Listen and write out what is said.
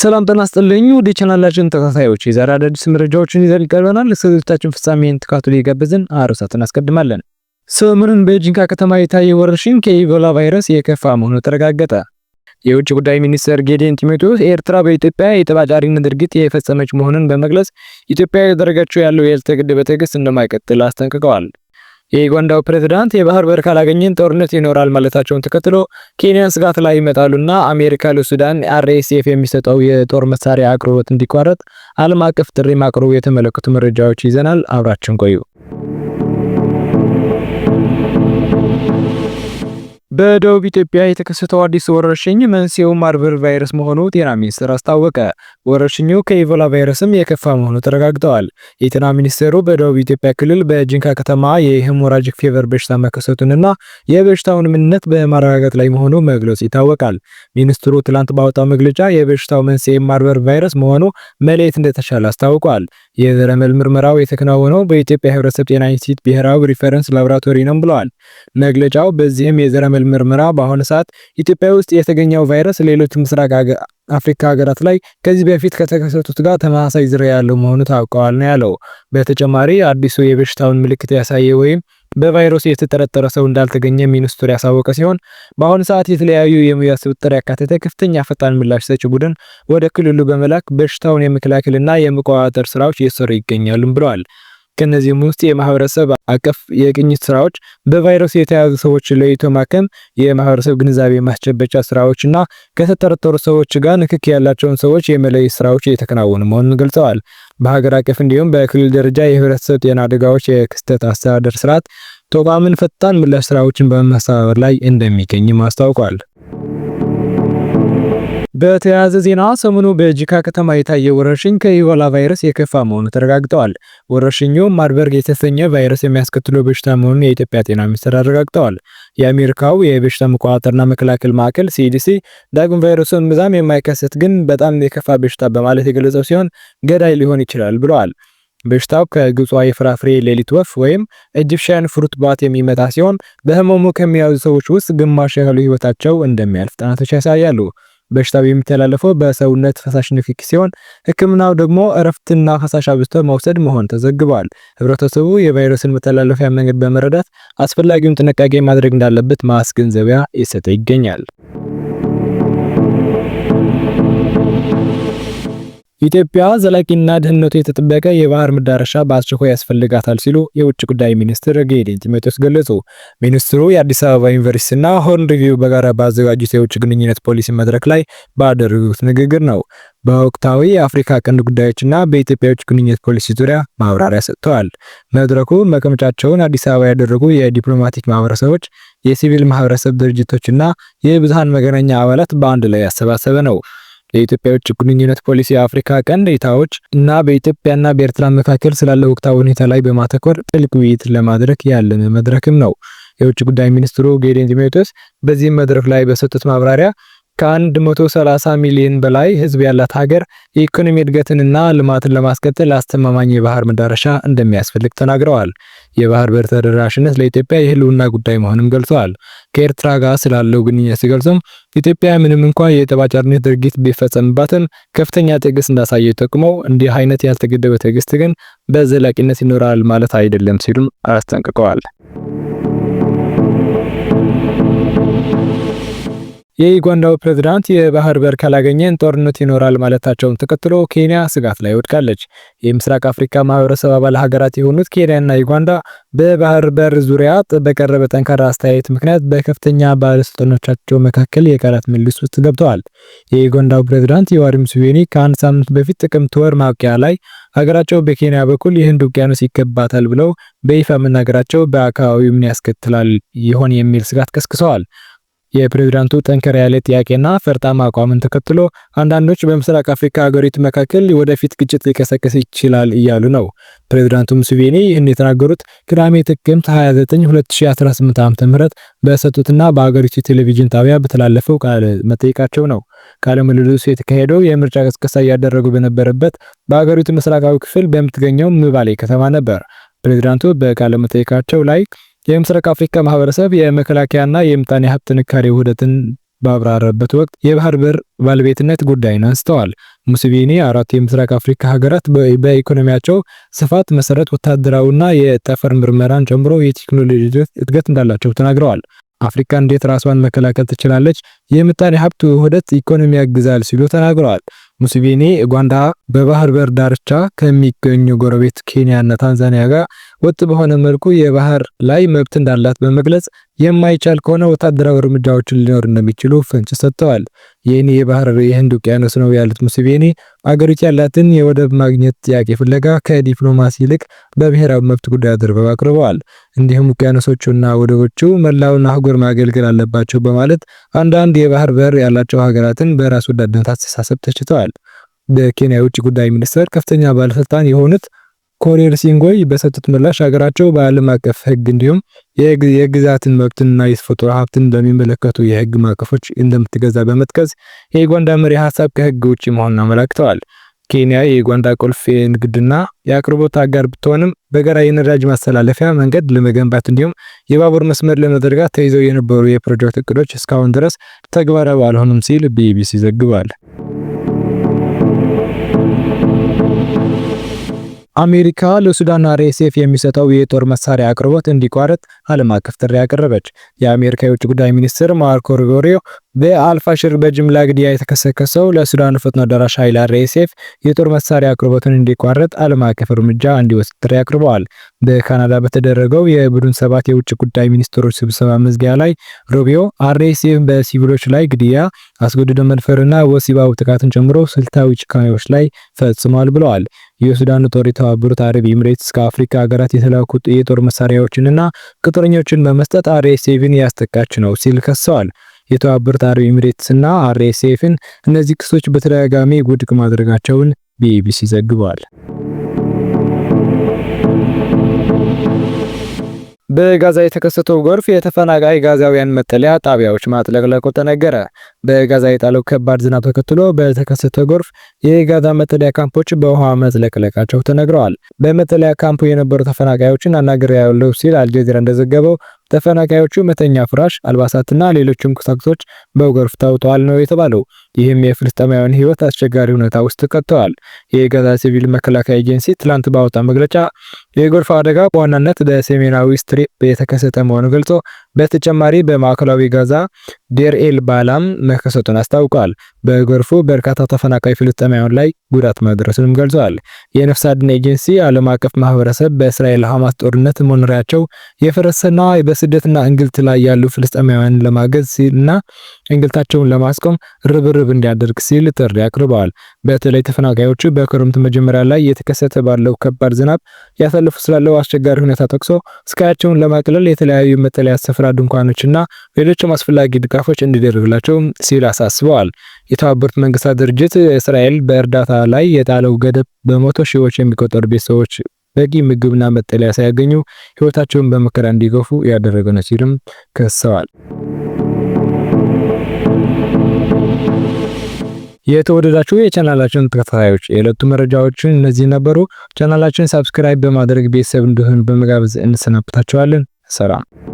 ሰላም ጤና ይስጥልኝ። ወደ ቻናላችን ተከታታዮች የዛሬ አዳዲስ መረጃዎችን ይዘን ቀርበናል። እስከ ዝግጅታችን ፍጻሜን ተከታተሉ እየጋበዝን አርዕስቱን እናስቀድማለን። ሰሞኑን በጂንካ ከተማ የታየ ወረርሽኝ ከኢቦላ ቫይረስ የከፋ መሆኑ ተረጋገጠ። የውጭ ጉዳይ ሚኒስትር ጌዲዮን ጢሞቴዎስ ኤርትራ በኢትዮጵያ የተባጫሪነት ድርጊት የፈጸመች መሆኑን በመግለጽ ኢትዮጵያ ያደረገችው ያለው ያልተገደበ በትዕግስት እንደማይቀጥል አስጠንቅቀዋል። የዩጋንዳው ፕሬዝዳንት የባህር በር ካላገኘን ጦርነት ይኖራል ማለታቸውን ተከትሎ ኬንያን ስጋት ላይ ይመጣሉና አሜሪካ ለሱዳን አርኤስኤፍ የሚሰጠው የጦር መሳሪያ አቅርቦት እንዲቋረጥ ዓለም አቀፍ ጥሪ ማቅረቡ የተመለከቱ መረጃዎች ይዘናል። አብራችን ቆዩ። በደቡብ ኢትዮጵያ የተከሰተው አዲስ ወረርሽኝ መንስኤው ማርበር ቫይረስ መሆኑ ጤና ሚኒስቴር አስታወቀ። ወረርሽኙ ከኢቮላ ቫይረስም የከፋ መሆኑ ተረጋግጠዋል። የጤና ሚኒስቴሩ በደቡብ ኢትዮጵያ ክልል በጂንካ ከተማ የሄሞራጂክ ፌቨር በሽታ መከሰቱንና የበሽታውን ምንነት በማረጋገጥ ላይ መሆኑ መግለጽ ይታወቃል። ሚኒስትሩ ትላንት ባወጣው መግለጫ የበሽታው መንስኤ ማርበር ቫይረስ መሆኑ መለየት እንደተቻለ አስታውቋል። የዘረመል ምርመራው የተከናወነው በኢትዮጵያ ህብረተሰብ ጤና ኢንስቲትዩት ብሔራዊ ሪፈረንስ ላቦራቶሪ ነው ብለዋል መግለጫው። በዚህም የዘረመል ምርመራ በአሁኑ ሰዓት ኢትዮጵያ ውስጥ የተገኘው ቫይረስ ሌሎች ምስራቅ አፍሪካ ሀገራት ላይ ከዚህ በፊት ከተከሰቱት ጋር ተመሳሳይ ዝርያ ያለው መሆኑ ታውቀዋል ነው ያለው። በተጨማሪ አዲሱ የበሽታውን ምልክት ያሳየ ወይም በቫይረሱ የተጠረጠረ ሰው እንዳልተገኘ ሚኒስትሩ ያሳወቀ ሲሆን በአሁኑ ሰዓት የተለያዩ የሙያ ስብጥር ያካተተ ከፍተኛ ፈጣን ምላሽ ሰጪ ቡድን ወደ ክልሉ በመላክ በሽታውን የመከላከልና የመቆጣጠር ስራዎች እየሰሩ ይገኛሉም ብለዋል። ከነዚህም ውስጥ የማህበረሰብ አቀፍ የቅኝት ስራዎች፣ በቫይረሱ የተያዙ ሰዎች ለይቶ ማከም፣ የማህበረሰብ ግንዛቤ ማስጨበጫ ስራዎች እና ከተጠረጠሩ ሰዎች ጋር ንክክ ያላቸውን ሰዎች የመለየት ስራዎች እየተከናወኑ መሆኑን ገልጸዋል። በሀገር አቀፍ እንዲሁም በክልል ደረጃ የህብረተሰብ ጤና አደጋዎች የክስተት አስተዳደር ስርዓት ተቋምን ፈጣን ምላሽ ስራዎችን በማስተባበር ላይ እንደሚገኝም አስታውቋል። በተያያዘ ዜና ሰሞኑ በጂካ ከተማ የታየ ወረርሽኝ ከኢቦላ ቫይረስ የከፋ መሆኑ ተረጋግጠዋል። ወረርሽኙ ማርበርግ የተሰኘ ቫይረስ የሚያስከትለው በሽታ መሆኑን የኢትዮጵያ ጤና ሚኒስቴር አረጋግጠዋል። የአሜሪካው የበሽታ መቆጣጠርና መከላከል ማዕከል ሲዲሲ ዳግም ቫይረሱን ብዛም የማይከሰት ግን በጣም የከፋ በሽታ በማለት የገለጸው ሲሆን ገዳይ ሊሆን ይችላል ብለዋል። በሽታው ከግብጿ የፍራፍሬ ሌሊት ወፍ ወይም ኢጂፕሽያን ፍሩት ባት የሚመጣ ሲሆን በህመሙ ከሚያዙ ሰዎች ውስጥ ግማሽ ያህሉ ህይወታቸው እንደሚያልፍ ጥናቶች ያሳያሉ። በሽታው የሚተላለፈው በሰውነት ፈሳሽ ንክኪ ሲሆን ህክምናው ደግሞ እረፍትና ፈሳሽ አብዝቶ መውሰድ መሆን ተዘግቧል። ህብረተሰቡ የቫይረስን መተላለፊያ መንገድ በመረዳት አስፈላጊውን ጥንቃቄ ማድረግ እንዳለበት ማስገንዘቢያ የሰጠ ይገኛል። ኢትዮጵያ ዘላቂና ደህንነቱ የተጠበቀ የባህር መዳረሻ በአስቸኳይ ያስፈልጋታል ሲሉ የውጭ ጉዳይ ሚኒስትር ጌዲዮን ጢሞቴዎስ ገለጹ። ሚኒስትሩ የአዲስ አበባ ዩኒቨርሲቲና ሆርን ሪቪው በጋራ ባዘጋጁት የውጭ ግንኙነት ፖሊሲ መድረክ ላይ ባደረጉት ንግግር ነው። በወቅታዊ የአፍሪካ ቀንድ ጉዳዮችና በኢትዮጵያ የውጭ ግንኙነት ፖሊሲ ዙሪያ ማብራሪያ ሰጥተዋል። መድረኩ መቀመጫቸውን አዲስ አበባ ያደረጉ የዲፕሎማቲክ ማህበረሰቦች፣ የሲቪል ማህበረሰብ ድርጅቶችና የብዙሃን መገናኛ አባላት በአንድ ላይ ያሰባሰበ ነው። የኢትዮጵያ ውጭ ግንኙነት ፖሊሲ የአፍሪካ ቀንድ እይታዎች እና በኢትዮጵያና በኤርትራ መካከል ስላለው ወቅታዊ ሁኔታ ላይ በማተኮር ጥልቅ ውይይት ለማድረግ ያለመ መድረክም ነው። የውጭ ጉዳይ ሚኒስትሩ ጌዴን ቲሞቴዎስ በዚህም መድረክ ላይ በሰጡት ማብራሪያ ከ130 ሚሊዮን በላይ ህዝብ ያላት ሀገር የኢኮኖሚ እድገትንና ልማትን ለማስቀጠል አስተማማኝ የባህር መዳረሻ እንደሚያስፈልግ ተናግረዋል። የባህር በር ተደራሽነት ለኢትዮጵያ የህልውና ጉዳይ መሆኑን ገልጸዋል። ከኤርትራ ጋር ስላለው ግንኙነት ሲገልጹም ኢትዮጵያ ምንም እንኳ የጠብ አጫሪነት ድርጊት ቢፈጸምባትም ከፍተኛ ትዕግስት እንዳሳየው ጠቁመው እንዲህ አይነት ያልተገደበ ትዕግስት ግን በዘላቂነት ይኖራል ማለት አይደለም ሲሉም አስጠንቅቀዋል። የዩጋንዳው ፕሬዝዳንት የባህር በር ካላገኘን ጦርነት ይኖራል ማለታቸውን ተከትሎ ኬንያ ስጋት ላይ ወድቃለች። የምስራቅ አፍሪካ ማህበረሰብ አባል ሀገራት የሆኑት ኬንያና ዩጋንዳ በባህር በር ዙሪያ በቀረበ ጠንካራ አስተያየት ምክንያት በከፍተኛ ባለስልጣኖቻቸው መካከል የቃላት ምልልስ ውስጥ ገብተዋል። የዩጋንዳው ፕሬዝዳንት ዮዌሪ ሙሴቬኒ ከአንድ ሳምንት በፊት ጥቅምት ወር ማብቂያ ላይ ሀገራቸው በኬንያ በኩል የህንድ ውቅያኖስ ይገባታል ብለው በይፋ መናገራቸው በአካባቢው ምን ያስከትላል ይሆን የሚል ስጋት ቀስቅሰዋል። የፕሬዝዳንቱ ጠንከር ያለ ጥያቄና ፈርጣማ አቋምን ተከትሎ አንዳንዶች በምስራቅ አፍሪካ ሀገሪቱ መካከል ወደፊት ግጭት ሊቀሰቀስ ይችላል እያሉ ነው። ፕሬዝዳንቱ ሙሴቬኒ ይህን የተናገሩት ቅዳሜ ጥቅምት 29 2018 ዓ ም በሰጡትና በሀገሪቱ ቴሌቪዥን ጣቢያ በተላለፈው ቃለ መጠይቃቸው ነው። ቃለ ምልልሱ የተካሄደው የምርጫ ቅስቀሳ እያደረጉ በነበረበት በሀገሪቱ ምስራቃዊ ክፍል በምትገኘው ምባሌ ከተማ ነበር። ፕሬዝዳንቱ በቃለ መጠይቃቸው ላይ የምስራቅ አፍሪካ ማህበረሰብ የመከላከያና የምጣኔ ሀብት ጥንካሬ ውህደትን ባብራረበት ወቅት የባህር በር ባለቤትነት ጉዳይን አንስተዋል። ሙሴቬኒ አራት የምስራቅ አፍሪካ ሀገራት በኢኮኖሚያቸው ስፋት መሰረት ወታደራዊና የጠፈር ምርመራን ጨምሮ የቴክኖሎጂ እድገት እንዳላቸው ተናግረዋል። አፍሪካ እንዴት ራሷን መከላከል ትችላለች? የምጣኔ ሀብት ውህደት ኢኮኖሚ ያግዛል ሲሉ ተናግረዋል። ሙሴቬኒ ኡጋንዳ በባህር በር ዳርቻ ከሚገኙ ጎረቤት ኬንያና ታንዛኒያ ጋር ወጥ በሆነ መልኩ የባህር ላይ መብት እንዳላት በመግለጽ የማይቻል ከሆነ ወታደራዊ እርምጃዎችን ሊኖር እንደሚችሉ ፍንጭ ሰጥተዋል። የኔ የባህር የህንድ ውቅያኖስ ነው ያሉት ሙሴቬኒ አገሪቱ ያላትን የወደብ ማግኘት ጥያቄ ፍለጋ ከዲፕሎማሲ ይልቅ በብሔራዊ መብት ጉዳይ አድርበው አቅርበዋል። እንዲሁም ውቅያኖሶቹና ወደቦቹ መላውን አህጉር ማገልገል አለባቸው በማለት አንዳንድ የባህር በር ያላቸው ሀገራትን በራስ ወዳድነት አስተሳሰብ ተችተዋል። በኬንያ የውጭ ጉዳይ ሚኒስቴር ከፍተኛ ባለስልጣን የሆኑት ኮሪየር ሲንጎይ በሰጡት ምላሽ ሀገራቸው በዓለም አቀፍ ሕግ እንዲሁም የግዛትን መብትና የተፈጥሮ ሀብትን በሚመለከቱ የሕግ ማዕቀፎች እንደምትገዛ በመጥቀስ የዩጋንዳ መሪ ሀሳብ ከሕግ ውጭ መሆኑን አመላክተዋል። ኬንያ የዩጋንዳ ቁልፍ የንግድና የአቅርቦት አጋር ብትሆንም በጋራ የነዳጅ ማስተላለፊያ መንገድ ለመገንባት እንዲሁም የባቡር መስመር ለመዘርጋት ተይዘው የነበሩ የፕሮጀክት እቅዶች እስካሁን ድረስ ተግባራዊ አልሆኑም ሲል ቢቢሲ ዘግቧል። አሜሪካ ለሱዳንና ሬሴፍ የሚሰጠው የጦር መሳሪያ አቅርቦት እንዲቋረጥ ዓለም አቀፍ ጥሪ ያቀረበች የአሜሪካ የውጭ ጉዳይ ሚኒስትር ማርኮ ሩቢዮ በአልፋሽር በጅምላ ግድያ የተከሰከሰው ለሱዳን ፈጥኖ ደራሽ ኃይል አርኤስኤፍ የጦር መሳሪያ አቅርቦትን እንዲቋረጥ ዓለም አቀፍ እርምጃ እንዲወስድ ጥሪ አቅርበዋል። በካናዳ በተደረገው የቡድን ሰባት የውጭ ጉዳይ ሚኒስትሮች ስብሰባ መዝጊያ ላይ ሩቢዮ አርኤስኤፍ በሲቪሎች ላይ ግድያ፣ አስገድዶ መድፈርና ወሲባዊ ጥቃትን ጨምሮ ስልታዊ ጭካኔዎች ላይ ፈጽሟል ብለዋል። የሱዳን ጦር የተባበሩት አረብ ኤምሬትስ ከአፍሪካ ሀገራት የተላኩ የጦር መሳሪያዎችንና ቅጥረኞችን በመስጠት አርኤስኤፍን ያስጠቃች ነው ሲል ከሰዋል። የተባበሩት አረብ ኤሚሬትስና አርኤስኤፍን እነዚህ ክሶች በተደጋጋሚ ውድቅ ማድረጋቸውን ቢቢሲ ዘግቧል። በጋዛ የተከሰተው ጎርፍ የተፈናቃይ ጋዛውያን መጠለያ ጣቢያዎች ማጥለቅለቁ ተነገረ። በጋዛ የጣለው ከባድ ዝናብ ተከትሎ በተከሰተ ጎርፍ የጋዛ መጠለያ ካምፖች በውሃ መጥለቅለቃቸው ተነግረዋል። በመጠለያ ካምፑ የነበሩ ተፈናቃዮችን አናግሬያለሁ ሲል አልጀዚራ እንደዘገበው ተፈናቃዮቹ መተኛ ፍራሽ፣ አልባሳትና ሌሎችም ቁሳቁሶች በጎርፍ ተውጠዋል ነው የተባለው። ይህም የፍልስጤማውያን ህይወት አስቸጋሪ ሁኔታ ውስጥ ከተዋል። የጋዛ ሲቪል መከላከያ ኤጀንሲ ትላንት ባወጣ መግለጫ የጎርፍ አደጋ በዋናነት በሰሜናዊ ስትሪፕ የተከሰተ መሆኑ ገልጾ በተጨማሪ በማዕከላዊ ጋዛ ዴር ኤል ባላም መከሰቱን አስታውቋል። በጎርፉ በርካታ ተፈናቃይ ፍልስጤማውያን ላይ ጉዳት መድረሱንም ገልጿል። የነፍስ አድን ኤጀንሲ ዓለም አቀፍ ማህበረሰብ በእስራኤል ሐማስ ጦርነት መኖሪያቸው የፈረሰና በስደትና እንግልት ላይ ያሉ ፍልስጤማውያን ለማገዝ ሲልና እንግልታቸውን ለማስቆም ርብርብ እንዲያደርግ ሲል ጥሪ አቅርበዋል። በተለይ ተፈናቃዮቹ በክረምት መጀመሪያ ላይ የተከሰተ ባለው ከባድ ዝናብ ያሳለፉ ስላለው አስቸጋሪ ሁኔታ ጠቅሶ ስቃያቸውን ለማቅለል የተለያዩ መጠለያ ስፍራ ድንኳኖችና ሌሎችም አስፈላጊ ድጋፎች እንዲደረግላቸው ሲል አሳስበዋል። የተባበሩት መንግስታት ድርጅት እስራኤል በእርዳታ ላይ የጣለው ገደብ በመቶ ሺዎች የሚቆጠሩ ቤተሰቦች በቂ ምግብና መጠለያ ሳያገኙ ህይወታቸውን በመከራ እንዲገፉ ያደረገ ነው ሲልም ከሰዋል። የተወደዳችሁ የቻናላችን ተከታታዮች የዕለቱ መረጃዎችን እነዚህ ነበሩ። ቻናላችን ሰብስክራይብ በማድረግ ቤተሰብ እንዲሆን በመጋበዝ እንሰናብታቸዋለን ሰላም